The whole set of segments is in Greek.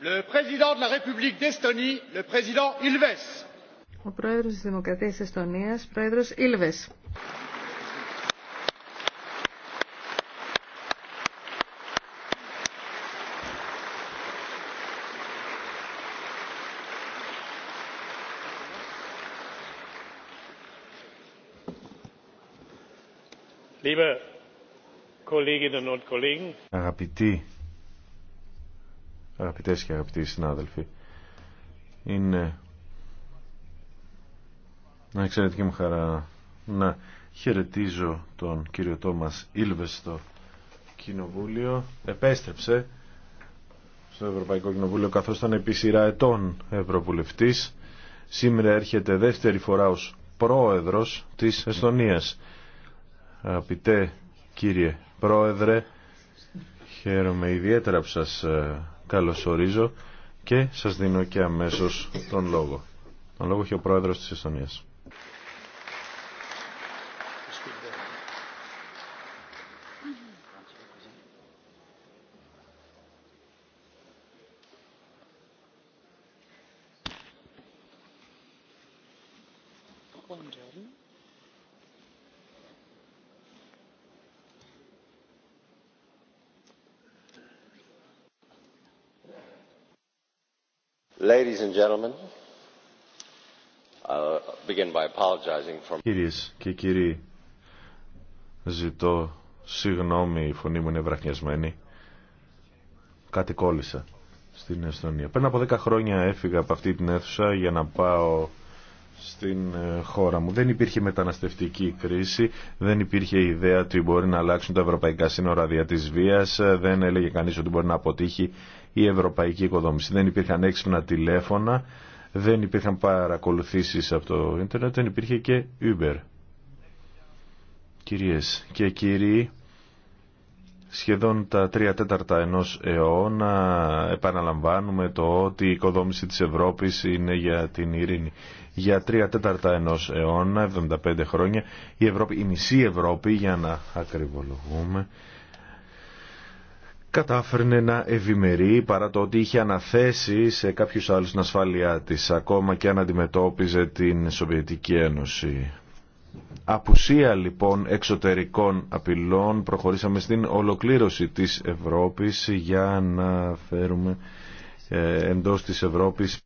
Le président de la République d'Estonie, le président Ilves. Ο πρόεδρος της Δημοκρατίας της Εστονίας, πρόεδρος Ήλβες. Liebe Kolleginnen und Kollegen, αγαπητοί αγαπητές και αγαπητοί συνάδελφοι. Είναι να εξαιρετική μου χαρά να χαιρετίζω τον κύριο Τόμας Ήλβε στο Κοινοβούλιο. Επέστρεψε στο Ευρωπαϊκό Κοινοβούλιο καθώς ήταν επί σειρά ετών Ευρωβουλευτής. Σήμερα έρχεται δεύτερη φορά ως πρόεδρος της Εστονίας. Αγαπητέ κύριε πρόεδρε, χαίρομαι ιδιαίτερα που σας ε, καλωσορίζω και σας δίνω και αμέσως τον λόγο. Τον λόγο έχει ο πρόεδρος της Εστονίας. Κυρίες και κύριοι, ζητώ συγγνώμη, η φωνή μου είναι βραχνιασμένη. Κάτι κόλλησα στην Εστονία. Πέρα από δέκα χρόνια έφυγα από αυτή την αίθουσα για να πάω στην ε, χώρα μου. Δεν υπήρχε μεταναστευτική κρίση, δεν υπήρχε ιδέα ότι μπορεί να αλλάξουν τα ευρωπαϊκά σύνορα δια της βίας, ε, δεν έλεγε κανείς ότι μπορεί να αποτύχει η ευρωπαϊκή οικοδόμηση. Δεν υπήρχαν έξυπνα τηλέφωνα, δεν υπήρχαν παρακολουθήσεις από το ίντερνετ, δεν υπήρχε και Uber. Κυρίες και κύριοι, σχεδόν τα τρία τέταρτα ενός αιώνα επαναλαμβάνουμε το ότι η οικοδόμηση της Ευρώπης είναι για την ειρήνη. Για τρία τέταρτα ενός αιώνα, 75 χρόνια, η, Ευρώπη, η μισή Ευρώπη, για να ακριβολογούμε, κατάφερνε να ευημερεί παρά το ότι είχε αναθέσει σε κάποιους άλλους την ασφάλειά της, ακόμα και αν αντιμετώπιζε την Σοβιετική Ένωση. Απουσία λοιπόν εξωτερικών απειλών προχωρήσαμε στην ολοκλήρωση της Ευρώπης για να φέρουμε ε, εντός της Ευρώπης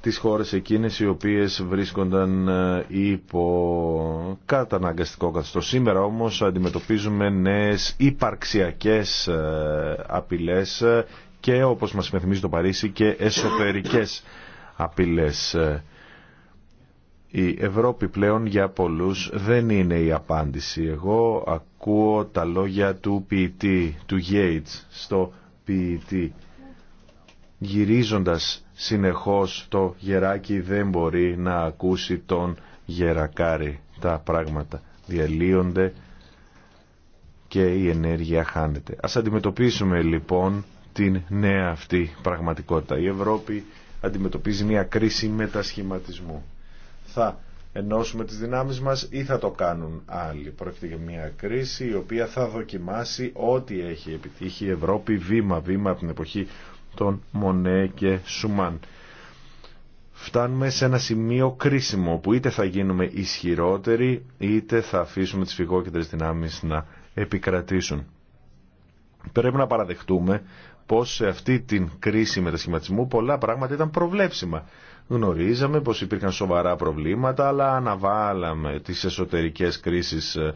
τις χώρες εκείνες οι οποίες βρίσκονταν ε, υπό καταναγκαστικό καθεστώ. Σήμερα όμως αντιμετωπίζουμε νέες υπαρξιακές ε, απειλές και όπως μας υπενθυμίζει το Παρίσι και εσωτερικές απειλές η Ευρώπη πλέον για πολλούς δεν είναι η απάντηση. Εγώ ακούω τα λόγια του ποιητή, του Γέιτς στο ποιητή. Γυρίζοντας συνεχώς το γεράκι δεν μπορεί να ακούσει τον γερακάρι. Τα πράγματα διαλύονται και η ενέργεια χάνεται. Ας αντιμετωπίσουμε λοιπόν την νέα αυτή πραγματικότητα. Η Ευρώπη αντιμετωπίζει μια κρίση μετασχηματισμού θα ενώσουμε τις δυνάμεις μας ή θα το κάνουν άλλοι. Πρόκειται για μια κρίση η οποία θα δοκιμάσει ό,τι έχει επιτύχει η Ευρώπη βήμα-βήμα από την εποχή των Μονέ και Σουμάν. Φτάνουμε σε ένα σημείο κρίσιμο που είτε θα γίνουμε ισχυρότεροι είτε θα αφήσουμε τις φυγόκεντρες δυνάμεις να επικρατήσουν. Πρέπει να παραδεχτούμε πως σε αυτή την κρίση μετασχηματισμού πολλά πράγματα ήταν προβλέψιμα γνωρίζαμε πως υπήρχαν σοβαρά προβλήματα, αλλά αναβάλαμε τις εσωτερικές κρίσεις ε,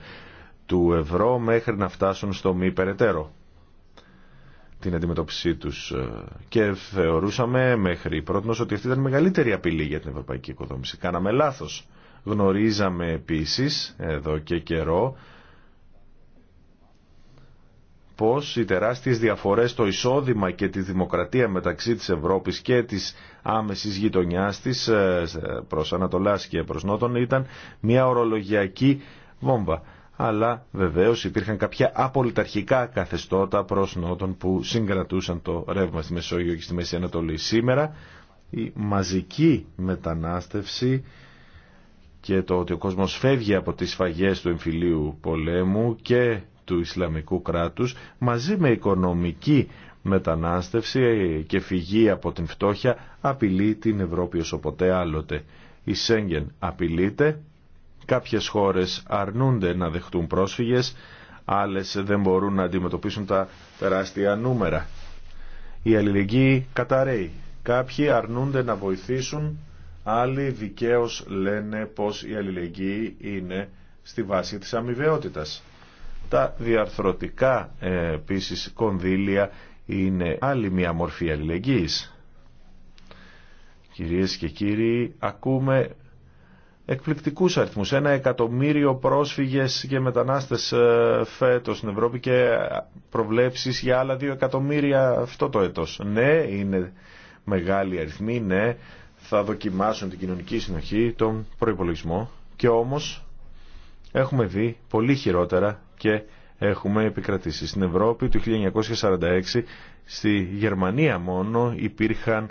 του ευρώ μέχρι να φτάσουν στο μη περαιτέρω την αντιμετώπιση τους ε, και θεωρούσαμε μέχρι πρώτον ότι αυτή ήταν η μεγαλύτερη απειλή για την ευρωπαϊκή οικοδόμηση. Κάναμε λάθος. Γνωρίζαμε επίσης εδώ και καιρό πως οι τεράστιες διαφορές στο εισόδημα και τη δημοκρατία μεταξύ της Ευρώπης και της άμεσης γειτονιάς της ε, προς Ανατολάς και προς Νότον ήταν μια ορολογιακή βόμβα. Αλλά βεβαίως υπήρχαν κάποια απολυταρχικά καθεστώτα προς Νότον που συγκρατούσαν το ρεύμα στη Μεσόγειο και στη Μέση Ανατολή. Σήμερα η μαζική μετανάστευση και το ότι ο κόσμος φεύγει από τις σφαγές του εμφυλίου πολέμου και του Ισλαμικού κράτους μαζί με οικονομική μετανάστευση και φυγή από την φτώχεια απειλεί την Ευρώπη ως ποτέ άλλοτε. Η Σέγγεν απειλείται, κάποιες χώρες αρνούνται να δεχτούν πρόσφυγες, άλλες δεν μπορούν να αντιμετωπίσουν τα τεράστια νούμερα. Η αλληλεγγύη καταραίει. Κάποιοι αρνούνται να βοηθήσουν, άλλοι δικαίως λένε πως η αλληλεγγύη είναι στη βάση της αμοιβαιότητας. Τα διαρθρωτικά ε, επίση κονδύλια είναι άλλη μια μορφή αλληλεγγύης. Κυρίες και κύριοι, ακούμε εκπληκτικούς αριθμούς. Ένα εκατομμύριο πρόσφυγες και μετανάστες ε, φέτος στην Ευρώπη και ε, προβλέψεις για άλλα δύο εκατομμύρια αυτό το έτος. Ναι, είναι μεγάλη αριθμή, ναι, θα δοκιμάσουν την κοινωνική συνοχή, τον προϋπολογισμό και όμως έχουμε δει πολύ χειρότερα και έχουμε επικρατήσει. Στην Ευρώπη του 1946 στη Γερμανία μόνο υπήρχαν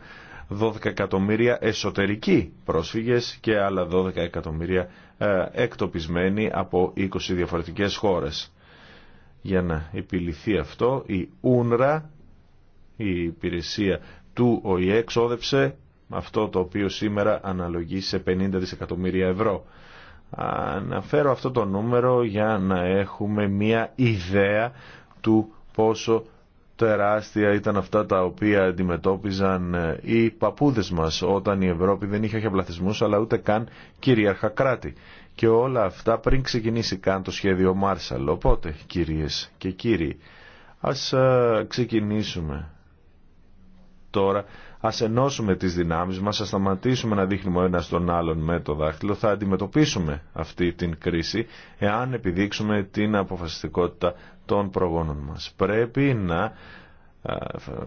12 εκατομμύρια εσωτερικοί πρόσφυγες και άλλα 12 εκατομμύρια ε, εκτοπισμένοι από 20 διαφορετικές χώρες. Για να επιληθεί αυτό η Ούνρα, η υπηρεσία του ΟΗΕ, εξόδεψε αυτό το οποίο σήμερα αναλογεί σε 50 δισεκατομμύρια ευρώ. Αναφέρω αυτό το νούμερο για να έχουμε μία ιδέα του πόσο τεράστια ήταν αυτά τα οποία αντιμετώπιζαν ε, οι παππούδες μας όταν η Ευρώπη δεν είχε αχιαπλαθισμούς αλλά ούτε καν κυρίαρχα κράτη. Και όλα αυτά πριν ξεκινήσει καν το σχέδιο Μάρσαλ. Οπότε, κυρίες και κύριοι, ας ε, ξεκινήσουμε τώρα ας ενώσουμε τις δυνάμεις μας, ας σταματήσουμε να δείχνουμε ο ένας τον άλλον με το δάχτυλο, θα αντιμετωπίσουμε αυτή την κρίση εάν επιδείξουμε την αποφασιστικότητα των προγόνων μας. Πρέπει να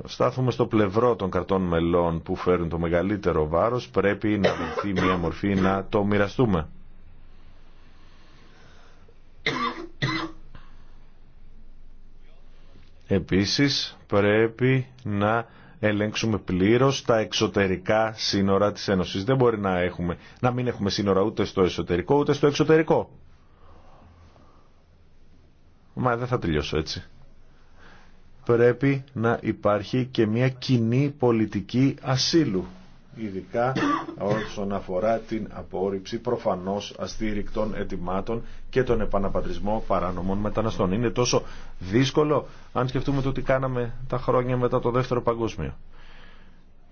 στάθουμε στο πλευρό των κρατών μελών που φέρουν το μεγαλύτερο βάρος, πρέπει να δοθεί μια μορφή να το μοιραστούμε. Επίσης πρέπει να ελέγξουμε πλήρως τα εξωτερικά σύνορα της Ένωση. Δεν μπορεί να, έχουμε, να μην έχουμε σύνορα ούτε στο εσωτερικό ούτε στο εξωτερικό. Μα δεν θα τελειώσω έτσι. Πρέπει να υπάρχει και μια κοινή πολιτική ασύλου ειδικά όσον αφορά την απόρριψη προφανώς αστήρικτων ετοιμάτων και τον επαναπατρισμό παράνομων μεταναστών. Είναι τόσο δύσκολο αν σκεφτούμε το τι κάναμε τα χρόνια μετά το Δεύτερο Παγκόσμιο.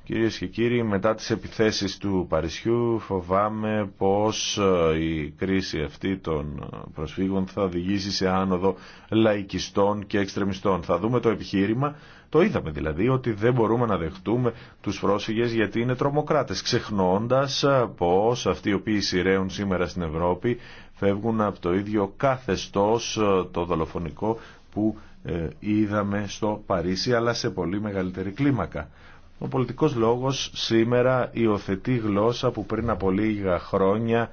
Κυρίες και κύριοι, μετά τις επιθέσεις του Παρισιού φοβάμαι πως ε, η κρίση αυτή των ε, προσφύγων θα οδηγήσει σε άνοδο λαϊκιστών και εξτρεμιστών. Θα δούμε το επιχείρημα, το είδαμε δηλαδή, ότι δεν μπορούμε να δεχτούμε τους πρόσφυγες γιατί είναι τρομοκράτες, ξεχνώντας ε, πως αυτοί οι οποίοι σειραίουν σήμερα στην Ευρώπη φεύγουν από το ίδιο καθεστώς το δολοφονικό που είδαμε στο Παρίσι αλλά σε πολύ μεγαλύτερη κλίμακα. Ο πολιτικός λόγος σήμερα υιοθετεί γλώσσα που πριν από λίγα χρόνια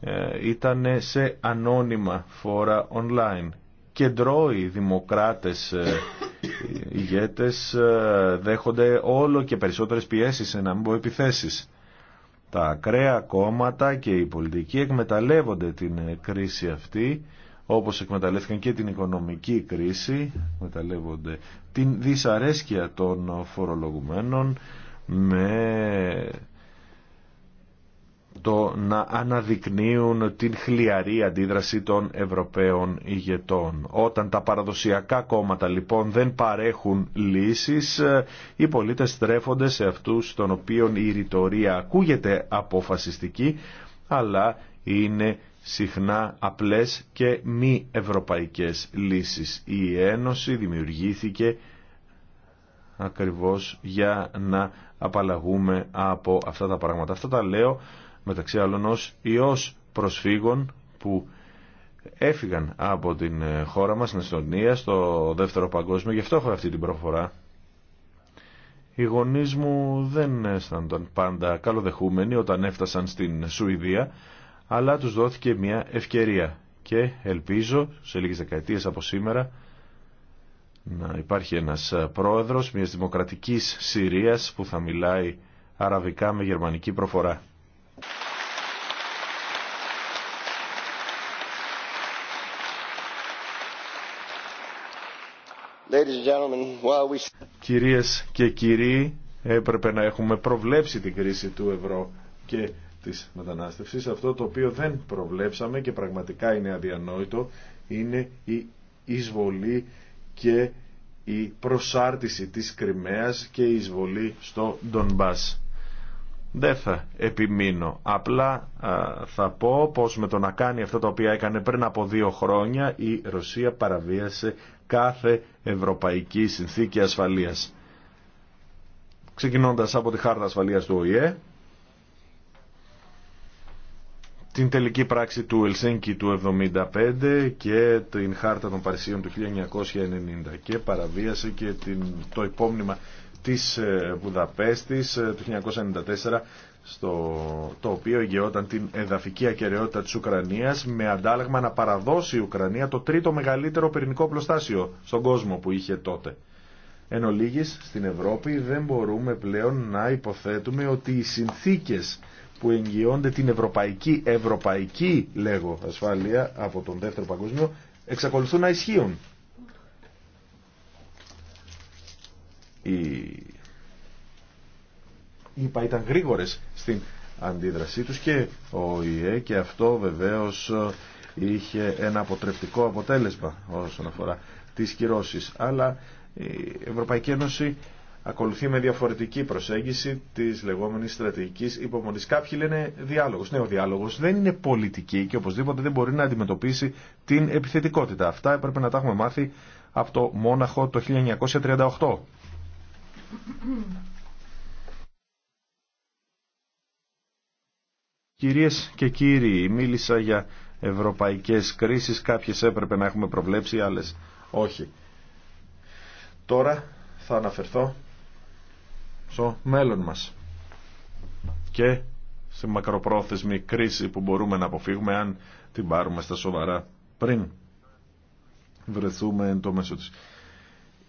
ε, ήταν σε ανώνυμα φόρα online. Κεντρώοι δημοκράτες ε, ηγέτες ε, δέχονται όλο και περισσότερες πιέσεις, να μην πω επιθέσεις. Τα ακραία κόμματα και οι πολιτικοί εκμεταλλεύονται την κρίση αυτή όπως εκμεταλλεύτηκαν και την οικονομική κρίση, εκμεταλλεύονται την δυσαρέσκεια των φορολογουμένων με το να αναδεικνύουν την χλιαρή αντίδραση των Ευρωπαίων ηγετών. Όταν τα παραδοσιακά κόμματα λοιπόν δεν παρέχουν λύσεις, οι πολίτες στρέφονται σε αυτούς των οποίων η ρητορία ακούγεται αποφασιστική, αλλά είναι συχνά απλές και μη ευρωπαϊκές λύσεις. Η Ένωση δημιουργήθηκε ακριβώς για να απαλλαγούμε από αυτά τα πράγματα. Αυτά τα λέω μεταξύ άλλων ως ιός προσφύγων που έφυγαν από την χώρα μας, στην Εστονία, στο Δεύτερο Παγκόσμιο. Γι' αυτό έχω αυτή την προφορά. Οι γονεί μου δεν αισθάνονταν πάντα καλοδεχούμενοι όταν έφτασαν στην Σουηδία αλλά τους δόθηκε μια ευκαιρία και ελπίζω σε λίγες δεκαετίες από σήμερα να υπάρχει ένας ε, πρόεδρος μιας δημοκρατικής Συρίας που θα μιλάει αραβικά με γερμανική προφορά. Κυρίες και κύριοι, έπρεπε να έχουμε προβλέψει την κρίση του ευρώ και της μετανάστευσης. Αυτό το οποίο δεν προβλέψαμε και πραγματικά είναι αδιανόητο είναι η εισβολή και η προσάρτηση της Κρυμαίας και η εισβολή στο Ντονμπάς. Δεν θα επιμείνω. Απλά θα πω πως με το να κάνει αυτό το οποίο έκανε πριν από δύο χρόνια η Ρωσία παραβίασε κάθε ευρωπαϊκή συνθήκη ασφαλείας. Ξεκινώντας από τη Χάρτα Ασφαλείας του ΟΗΕ την τελική πράξη του Ελσίνκη του 1975 και την Χάρτα των Παρισίων του 1990 και παραβίασε και την, το υπόμνημα της ε, Βουδαπέστης ε, του 1994 στο, το οποίο εγγυόταν την εδαφική ακεραιότητα της Ουκρανίας με αντάλλαγμα να παραδώσει η Ουκρανία το τρίτο μεγαλύτερο πυρηνικό πλωστάσιο στον κόσμο που είχε τότε. Εν ολίγης, στην Ευρώπη δεν μπορούμε πλέον να υποθέτουμε ότι οι συνθήκες που εγγυώνται την ευρωπαϊκή, ευρωπαϊκή λέγω ασφάλεια από τον δεύτερο παγκόσμιο εξακολουθούν να ισχύουν. Οι είπα ήταν γρήγορες στην αντίδρασή τους και ο ΙΕ και αυτό βεβαίως είχε ένα αποτρεπτικό αποτέλεσμα όσον αφορά τις κυρώσεις. Αλλά η Ευρωπαϊκή Ένωση ακολουθεί με διαφορετική προσέγγιση της λεγόμενης στρατηγικής υπομονής. Κάποιοι λένε διάλογος. Ναι, ο διάλογος δεν είναι πολιτική και οπωσδήποτε δεν μπορεί να αντιμετωπίσει την επιθετικότητα. Αυτά έπρεπε να τα έχουμε μάθει από το Μόναχο το 1938. Κυρίες και κύριοι, μίλησα για ευρωπαϊκές κρίσεις, κάποιες έπρεπε να έχουμε προβλέψει, άλλες όχι. Τώρα θα αναφερθώ στο μέλλον μας. Και σε μακροπρόθεσμη κρίση που μπορούμε να αποφύγουμε αν την πάρουμε στα σοβαρά πριν βρεθούμε εν το μέσο της.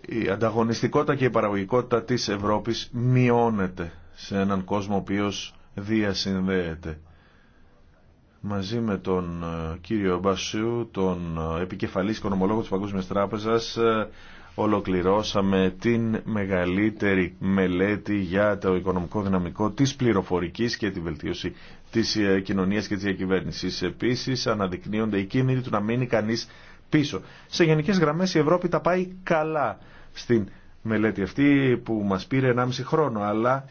Η ανταγωνιστικότητα και η παραγωγικότητα της Ευρώπης μειώνεται σε έναν κόσμο ο οποίος διασυνδέεται. Μαζί με τον ε, κύριο Μπασού, τον ε, επικεφαλής οικονομολόγο της Παγκόσμιας Τράπεζας, ε, ολοκληρώσαμε την μεγαλύτερη μελέτη για το οικονομικό δυναμικό της πληροφορικής και τη βελτίωση της ε, κοινωνίας και της διακυβέρνησης. Επίσης αναδεικνύονται οι κίνδυνοι του να μείνει κανείς πίσω. Σε γενικές γραμμές η Ευρώπη τα πάει καλά στην μελέτη αυτή που μας πήρε 1,5 χρόνο, αλλά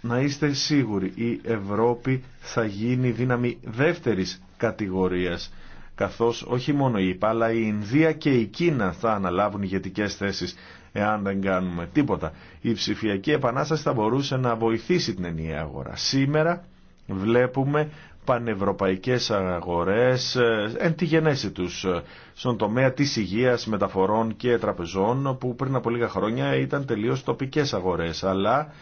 να είστε σίγουροι η Ευρώπη θα γίνει δύναμη δεύτερης κατηγορίας καθώς όχι μόνο η ΙΠΑ αλλά η Ινδία και η Κίνα θα αναλάβουν ηγετικέ θέσεις εάν δεν κάνουμε τίποτα. Η ψηφιακή επανάσταση θα μπορούσε να βοηθήσει την ενιαία αγορά. Σήμερα βλέπουμε πανευρωπαϊκές αγορές ε, εν τη γενέση τους ε, στον τομέα της υγείας, μεταφορών και τραπεζών που πριν από λίγα χρόνια ήταν τελείως τοπικές αγορές αλλά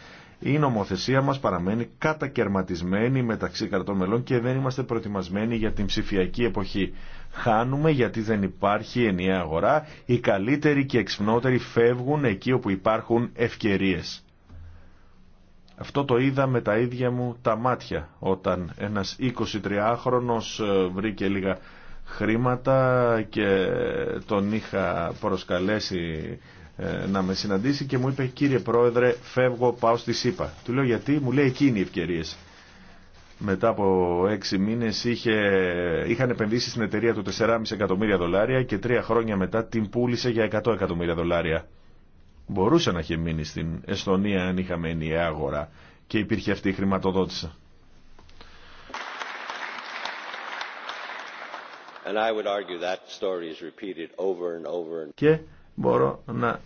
η νομοθεσία μας παραμένει κατακαιρματισμένη μεταξύ κρατών μελών και δεν είμαστε προετοιμασμένοι για την ψηφιακή εποχή. Χάνουμε γιατί δεν υπάρχει ενιαία αγορά, οι καλύτεροι και εξυπνότεροι φεύγουν εκεί όπου υπάρχουν ευκαιρίες. Αυτό το είδα με τα ίδια μου τα μάτια όταν ένας 23χρονος ε, βρήκε λίγα χρήματα και τον είχα προσκαλέσει ε, να με συναντήσει και μου είπε κύριε πρόεδρε φεύγω πάω στη ΣΥΠΑ. Του λέω γιατί μου λέει εκείνη οι ευκαιρίες. Μετά από έξι μήνες είχε, είχαν επενδύσει στην εταιρεία του 4,5 εκατομμύρια δολάρια και τρία χρόνια μετά την πούλησε για 100 εκατομμύρια δολάρια. Μπορούσε να είχε μείνει στην Εστονία αν είχαμε ενιαία αγορά και υπήρχε αυτή η χρηματοδότηση. Και μπορώ να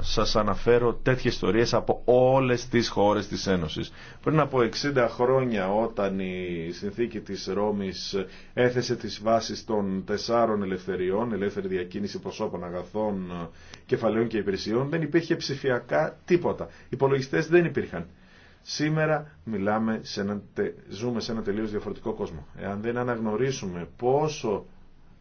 σας αναφέρω τέτοιες ιστορίες από όλες τις χώρες της Ένωσης. Πριν από 60 χρόνια όταν η συνθήκη της Ρώμης έθεσε τις βάσεις των τεσσάρων ελευθεριών, ελεύθερη διακίνηση προσώπων αγαθών, κεφαλαίων και υπηρεσιών, δεν υπήρχε ψηφιακά τίποτα. Υπολογιστές δεν υπήρχαν. Σήμερα μιλάμε σε ένα, ζούμε σε ένα τελείως διαφορετικό κόσμο. Εάν δεν αναγνωρίσουμε πόσο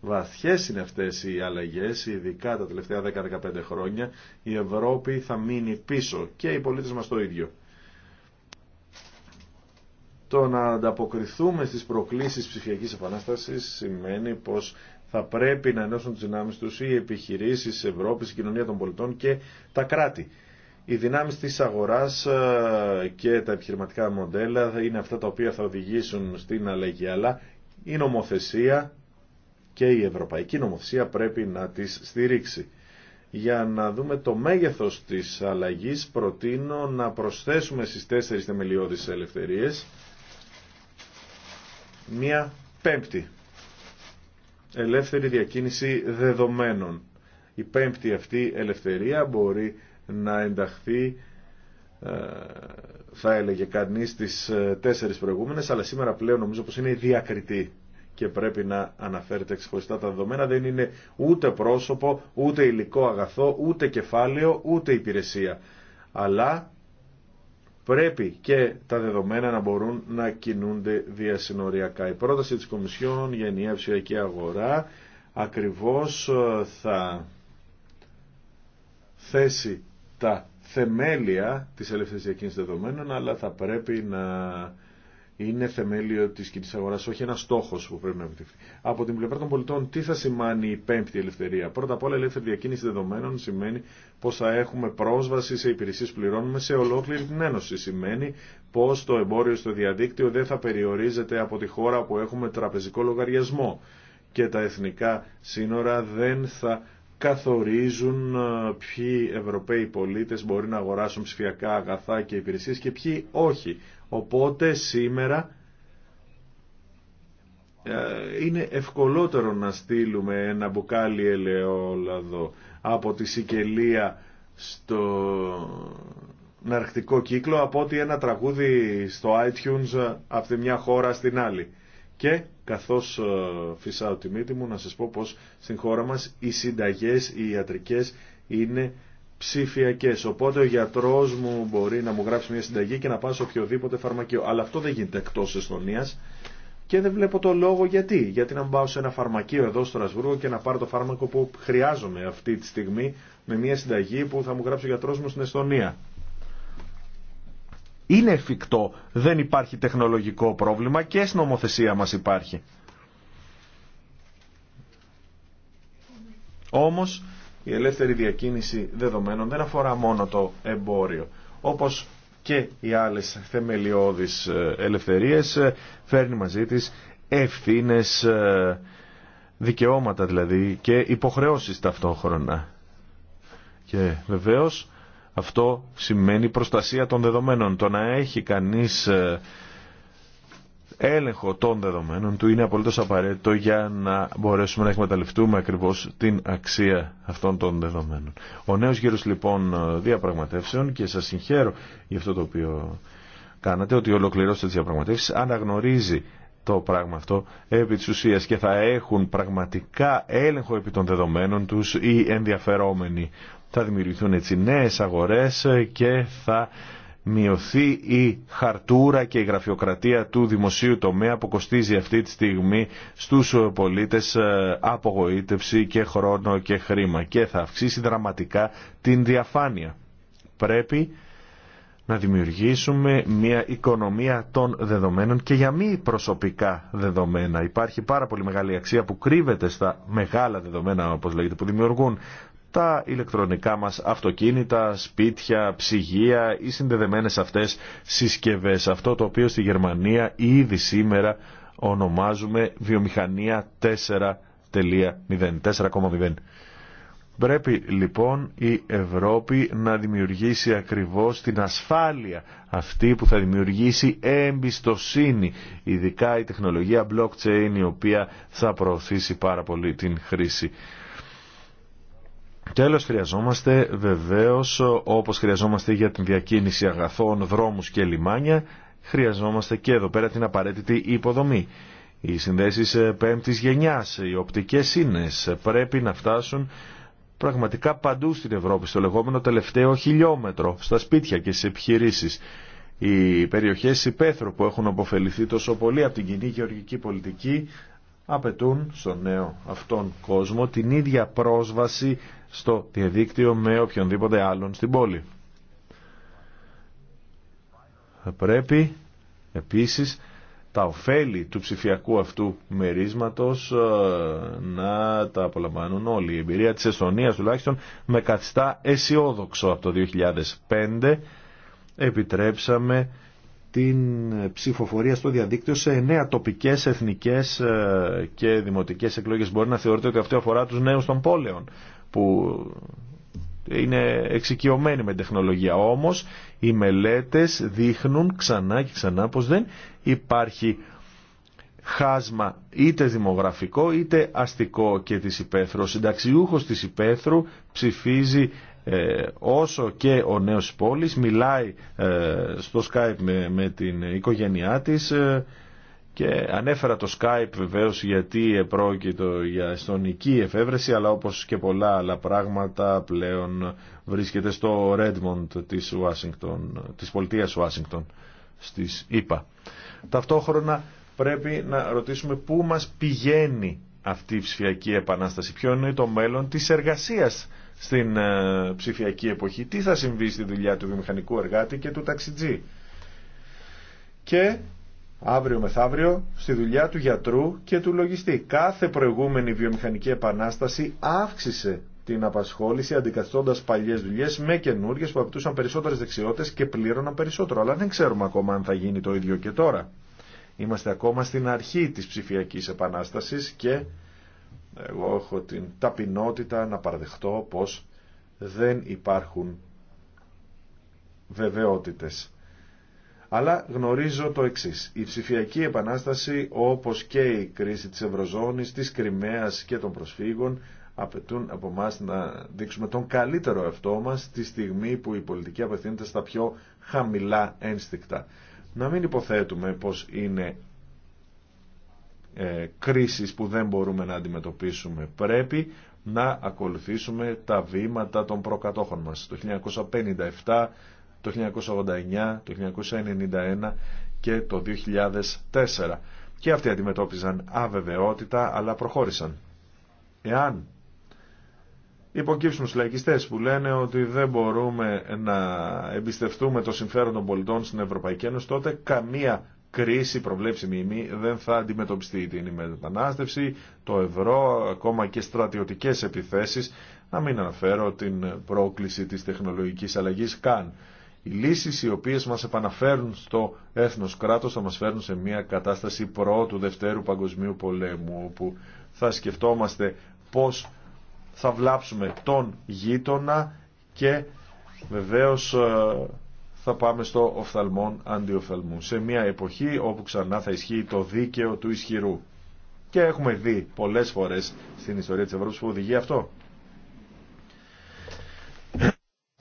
Βαθιές είναι αυτές οι αλλαγές, ειδικά τα τελευταία 10-15 χρόνια. Η Ευρώπη θα μείνει πίσω και οι πολίτες μας το ίδιο. Το να ανταποκριθούμε στις προκλήσεις ψηφιακής επανάστασης σημαίνει πως θα πρέπει να ενώσουν τις δυνάμεις τους οι επιχειρήσεις της Ευρώπης, η κοινωνία των πολιτών και τα κράτη. Οι δυνάμεις της αγοράς ε, και τα επιχειρηματικά μοντέλα είναι αυτά τα οποία θα οδηγήσουν στην αλλαγή, αλλά η νομοθεσία και η ευρωπαϊκή νομοθεσία πρέπει να τις στηρίξει. Για να δούμε το μέγεθος της αλλαγής προτείνω να προσθέσουμε στις τέσσερις θεμελιώδεις ελευθερίες μία πέμπτη ελεύθερη διακίνηση δεδομένων. Η πέμπτη αυτή ελευθερία μπορεί να ενταχθεί ε, θα έλεγε κανείς τις ε, τέσσερις προηγούμενες αλλά σήμερα πλέον νομίζω πως είναι διακριτή και πρέπει να αναφέρεται ξεχωριστά τα δεδομένα δεν είναι ούτε πρόσωπο, ούτε υλικό αγαθό, ούτε κεφάλαιο, ούτε υπηρεσία. Αλλά πρέπει και τα δεδομένα να μπορούν να κινούνται διασυνοριακά. Η πρόταση της Κομισιόν για ενιαία ψηφιακή αγορά ακριβώς ε, θα θέσει τα θεμέλια της ελευθερίας δεδομένων, αλλά θα πρέπει να είναι θεμέλιο τη κοινή αγορά, όχι ένα στόχο που πρέπει να επιτευχθεί. Από την πλευρά των πολιτών, τι θα σημαίνει η πέμπτη ελευθερία. Πρώτα απ' όλα, ελεύθερη διακίνηση δεδομένων σημαίνει πω θα έχουμε πρόσβαση σε υπηρεσίε που πληρώνουμε σε ολόκληρη την Ένωση. Σημαίνει πω το εμπόριο στο διαδίκτυο δεν θα περιορίζεται από τη χώρα που έχουμε τραπεζικό λογαριασμό και τα εθνικά σύνορα δεν θα καθορίζουν ε, ποιοι Ευρωπαίοι πολίτες μπορεί να αγοράσουν ψηφιακά αγαθά και υπηρεσίες και ποιοι όχι. Οπότε σήμερα ε, είναι ευκολότερο να στείλουμε ένα μπουκάλι ελαιόλαδο από τη Σικελία στο ναρκτικό κύκλο από ότι ένα τραγούδι στο iTunes ε, από τη μια χώρα στην άλλη. Και καθώς ε, φυσάω τη μύτη μου να σας πω πως στην χώρα μας οι συνταγές, οι ιατρικές είναι ψηφιακές. Οπότε ο γιατρός μου μπορεί να μου γράψει μια συνταγή και να πάω σε οποιοδήποτε φαρμακείο. Αλλά αυτό δεν γίνεται εκτός Εστονίας και δεν βλέπω το λόγο γιατί. Γιατί να πάω σε ένα φαρμακείο εδώ στο Ρασβούργο και να πάρω το φάρμακο που χρειάζομαι αυτή τη στιγμή με μια συνταγή που θα μου γράψει ο γιατρός μου στην Εστονία είναι εφικτό, δεν υπάρχει τεχνολογικό πρόβλημα και στην νομοθεσία μας υπάρχει. Όμως η ελεύθερη διακίνηση δεδομένων δεν αφορά μόνο το εμπόριο. Όπως και οι άλλες θεμελιώδεις ε, ελευθερίες ε, φέρνει μαζί της ευθύνες, ε, δικαιώματα δηλαδή και υποχρεώσεις ταυτόχρονα. Και βεβαίως αυτό σημαίνει προστασία των δεδομένων. Το να έχει κανείς ε, έλεγχο των δεδομένων του είναι απολύτως απαραίτητο για να μπορέσουμε να εκμεταλλευτούμε ακριβώς την αξία αυτών των δεδομένων. Ο νέος γύρος λοιπόν ε, διαπραγματεύσεων και σας συγχαίρω για αυτό το οποίο κάνατε ότι ολοκληρώσετε τις διαπραγματεύσεις αναγνωρίζει το πράγμα αυτό επί της ουσίας και θα έχουν πραγματικά έλεγχο επί των δεδομένων τους οι ενδιαφερόμενοι θα δημιουργηθούν έτσι νέες αγορές και θα μειωθεί η χαρτούρα και η γραφειοκρατία του δημοσίου τομέα που κοστίζει αυτή τη στιγμή στους πολίτες ε, απογοήτευση και χρόνο και χρήμα και θα αυξήσει δραματικά την διαφάνεια. Πρέπει να δημιουργήσουμε μια οικονομία των δεδομένων και για μη προσωπικά δεδομένα. Υπάρχει πάρα πολύ μεγάλη αξία που κρύβεται στα μεγάλα δεδομένα, όπως λέγεται, που δημιουργούν τα ηλεκτρονικά μας αυτοκίνητα, σπίτια, ψυγεία ή συνδεδεμένες αυτές συσκευές. Αυτό το οποίο στη Γερμανία ήδη σήμερα ονομάζουμε βιομηχανία 4.0. 4,0. Πρέπει λοιπόν η Ευρώπη να δημιουργήσει ακριβώς την ασφάλεια αυτή που θα δημιουργήσει εμπιστοσύνη, ειδικά η τεχνολογία blockchain η οποία θα προωθήσει πάρα πολύ την χρήση Τέλος χρειαζόμαστε βεβαίως όπως χρειαζόμαστε για την διακίνηση αγαθών, δρόμους και λιμάνια χρειαζόμαστε και εδώ πέρα την απαραίτητη υποδομή. Οι συνδέσεις ε, πέμπτης γενιάς, οι οπτικές σύνες πρέπει να φτάσουν πραγματικά παντού στην Ευρώπη, στο λεγόμενο τελευταίο χιλιόμετρο, στα σπίτια και στις επιχειρήσεις. Οι περιοχές υπαίθρου που έχουν αποφεληθεί τόσο πολύ από την κοινή γεωργική πολιτική απαιτούν στον νέο αυτόν κόσμο την ίδια πρόσβαση στο διαδίκτυο με οποιονδήποτε άλλον στην πόλη. πρέπει επίσης τα ωφέλη του ψηφιακού αυτού μερίσματος ε, να τα απολαμβάνουν όλοι. Η εμπειρία της Εστονίας τουλάχιστον με καθιστά αισιόδοξο από το 2005 επιτρέψαμε την ψηφοφορία στο διαδίκτυο σε νέα τοπικές, εθνικές ε, και δημοτικές εκλογές. Μπορεί να θεωρείτε ότι αυτό αφορά τους νέους των πόλεων που είναι εξοικειωμένοι με τεχνολογία. Όμως οι μελέτες δείχνουν ξανά και ξανά πως δεν υπάρχει χάσμα είτε δημογραφικό είτε αστικό και της υπαίθρου. Ο συνταξιούχος της υπαίθρου ψηφίζει ε, όσο και ο νέος πόλης μιλάει ε, στο Skype με την οικογένειά της ε, και ανέφερα το Skype βεβαίω γιατί επρόκειτο για εστονική εφεύρεση αλλά όπως και πολλά άλλα πράγματα πλέον βρίσκεται στο Redmond της, Washington, της πολιτείας Ουάσιγκτον στις ΗΠΑ. Ταυτόχρονα πρέπει να ρωτήσουμε πού μας πηγαίνει αυτή η ψηφιακή επανάσταση, ποιο είναι το μέλλον της εργασίας στην ε, ψηφιακή εποχή, τι θα συμβεί στη δουλειά του βιομηχανικού εργάτη και του ταξιτζή. Και αύριο μεθαύριο στη δουλειά του γιατρού και του λογιστή. Κάθε προηγούμενη βιομηχανική επανάσταση αύξησε την απασχόληση αντικαθιστώντα παλιέ δουλειέ με καινούργιες που απαιτούσαν περισσότερε δεξιότητε και πλήρωναν περισσότερο. Αλλά δεν ξέρουμε ακόμα αν θα γίνει το ίδιο και τώρα. Είμαστε ακόμα στην αρχή της ψηφιακής επανάστασης και εγώ έχω την ταπεινότητα να παραδεχτώ πως δεν υπάρχουν βεβαιότητες. Αλλά γνωρίζω το εξής. Η ψηφιακή επανάσταση όπως και η κρίση της Ευρωζώνης, της Κρυμαίας και των προσφύγων απαιτούν από εμά να δείξουμε τον καλύτερο εαυτό μας τη στιγμή που η πολιτική απευθύνεται στα πιο χαμηλά ένστικτα να μην υποθέτουμε πως είναι ε, κρίσεις που δεν μπορούμε να αντιμετωπίσουμε. Πρέπει να ακολουθήσουμε τα βήματα των προκατόχων μας. Το 1957, το 1989, το 1991 και το 2004. Και αυτοί αντιμετώπιζαν αβεβαιότητα αλλά προχώρησαν. Εάν υποκύψιμους λαϊκιστές που λένε ότι δεν μπορούμε να εμπιστευτούμε το συμφέρον των πολιτών στην Ευρωπαϊκή Ένωση, τότε καμία κρίση προβλέψιμη ημί δεν θα αντιμετωπιστεί την μετανάστευση, το ευρώ, ακόμα και στρατιωτικές επιθέσεις, να μην αναφέρω την πρόκληση της τεχνολογικής αλλαγής καν. Οι λύσεις οι οποίες μας επαναφέρουν στο έθνος κράτος θα μας φέρουν σε μια κατάσταση πρώτου Δευτέρου Παγκοσμίου Πολέμου, όπου θα σκεφτόμαστε πώς θα βλάψουμε τον γείτονα και βεβαίως ε, θα πάμε στο οφθαλμόν αντιοφθαλμού. Σε μια εποχή όπου ξανά θα ισχύει το δίκαιο του ισχυρού. Και έχουμε δει πολλές φορές στην ιστορία της Ευρώπης που οδηγεί αυτό.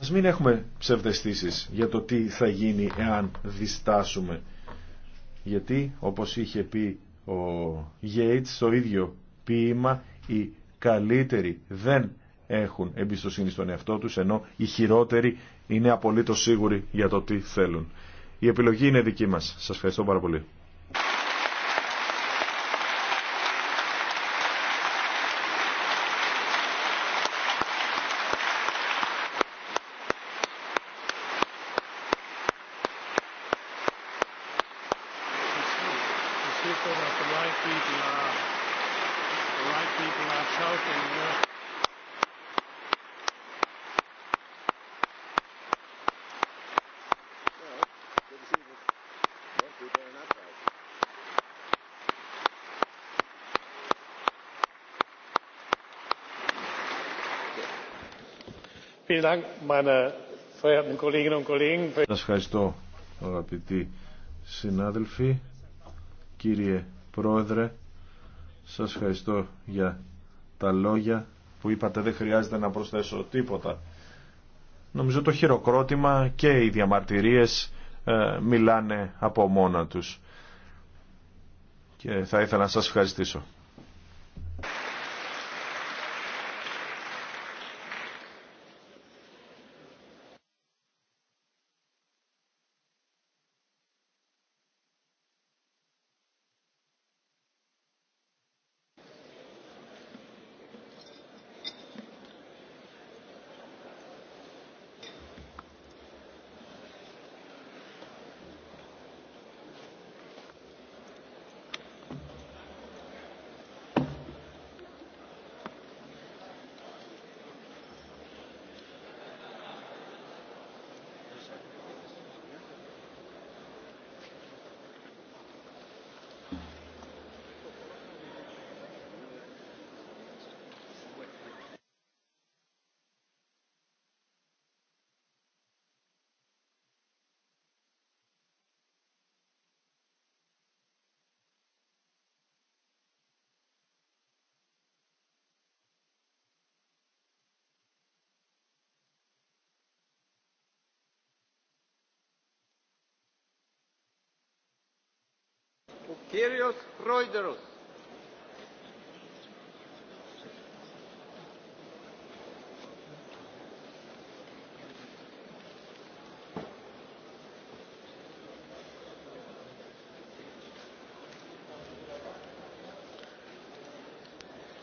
Ας μην έχουμε ψευδεστήσεις για το τι θα γίνει εάν διστάσουμε. Γιατί, όπως είχε πει ο Γέιτς, στο ίδιο ποίημα, η καλύτεροι δεν έχουν εμπιστοσύνη στον εαυτό τους, ενώ οι χειρότεροι είναι απολύτως σίγουροι για το τι θέλουν. Η επιλογή είναι δική μας. Σας ευχαριστώ πάρα πολύ. Σας ευχαριστώ αγαπητοί συνάδελφοι, κύριε Πρόεδρε, σας ευχαριστώ για τα λόγια που είπατε δεν χρειάζεται να προσθέσω τίποτα. Νομίζω το χειροκρότημα και οι διαμαρτυρίες ε, μιλάνε από μόνα τους. Και θα ήθελα να σας ευχαριστήσω. Κύριος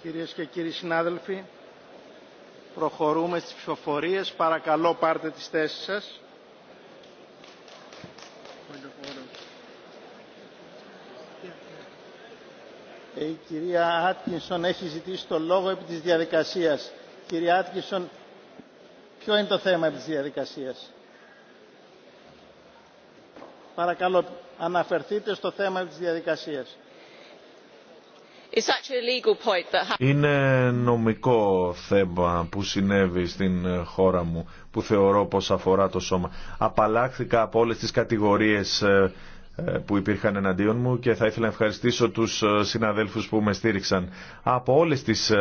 Κυρίες και κύριοι συνάδελφοι, προχωρούμε στις ψηφοφορίες. Παρακαλώ πάρτε τις θέσεις σας. Ε, η κυρία Άτκινσον έχει ζητήσει το λόγο επί της διαδικασίας. Κυρία Άτκινσον, ποιο είναι το θέμα επί της διαδικασίας. Παρακαλώ, αναφερθείτε στο θέμα επί της διαδικασίας. Είναι νομικό θέμα που συνέβη στην χώρα μου, που θεωρώ πως αφορά το σώμα. Απαλλάχθηκα από όλες τις κατηγορίες ε, ε, που υπήρχαν εναντίον μου και θα ήθελα να ευχαριστήσω τους ε, συναδέλφους που με στήριξαν. Από όλες τις ε,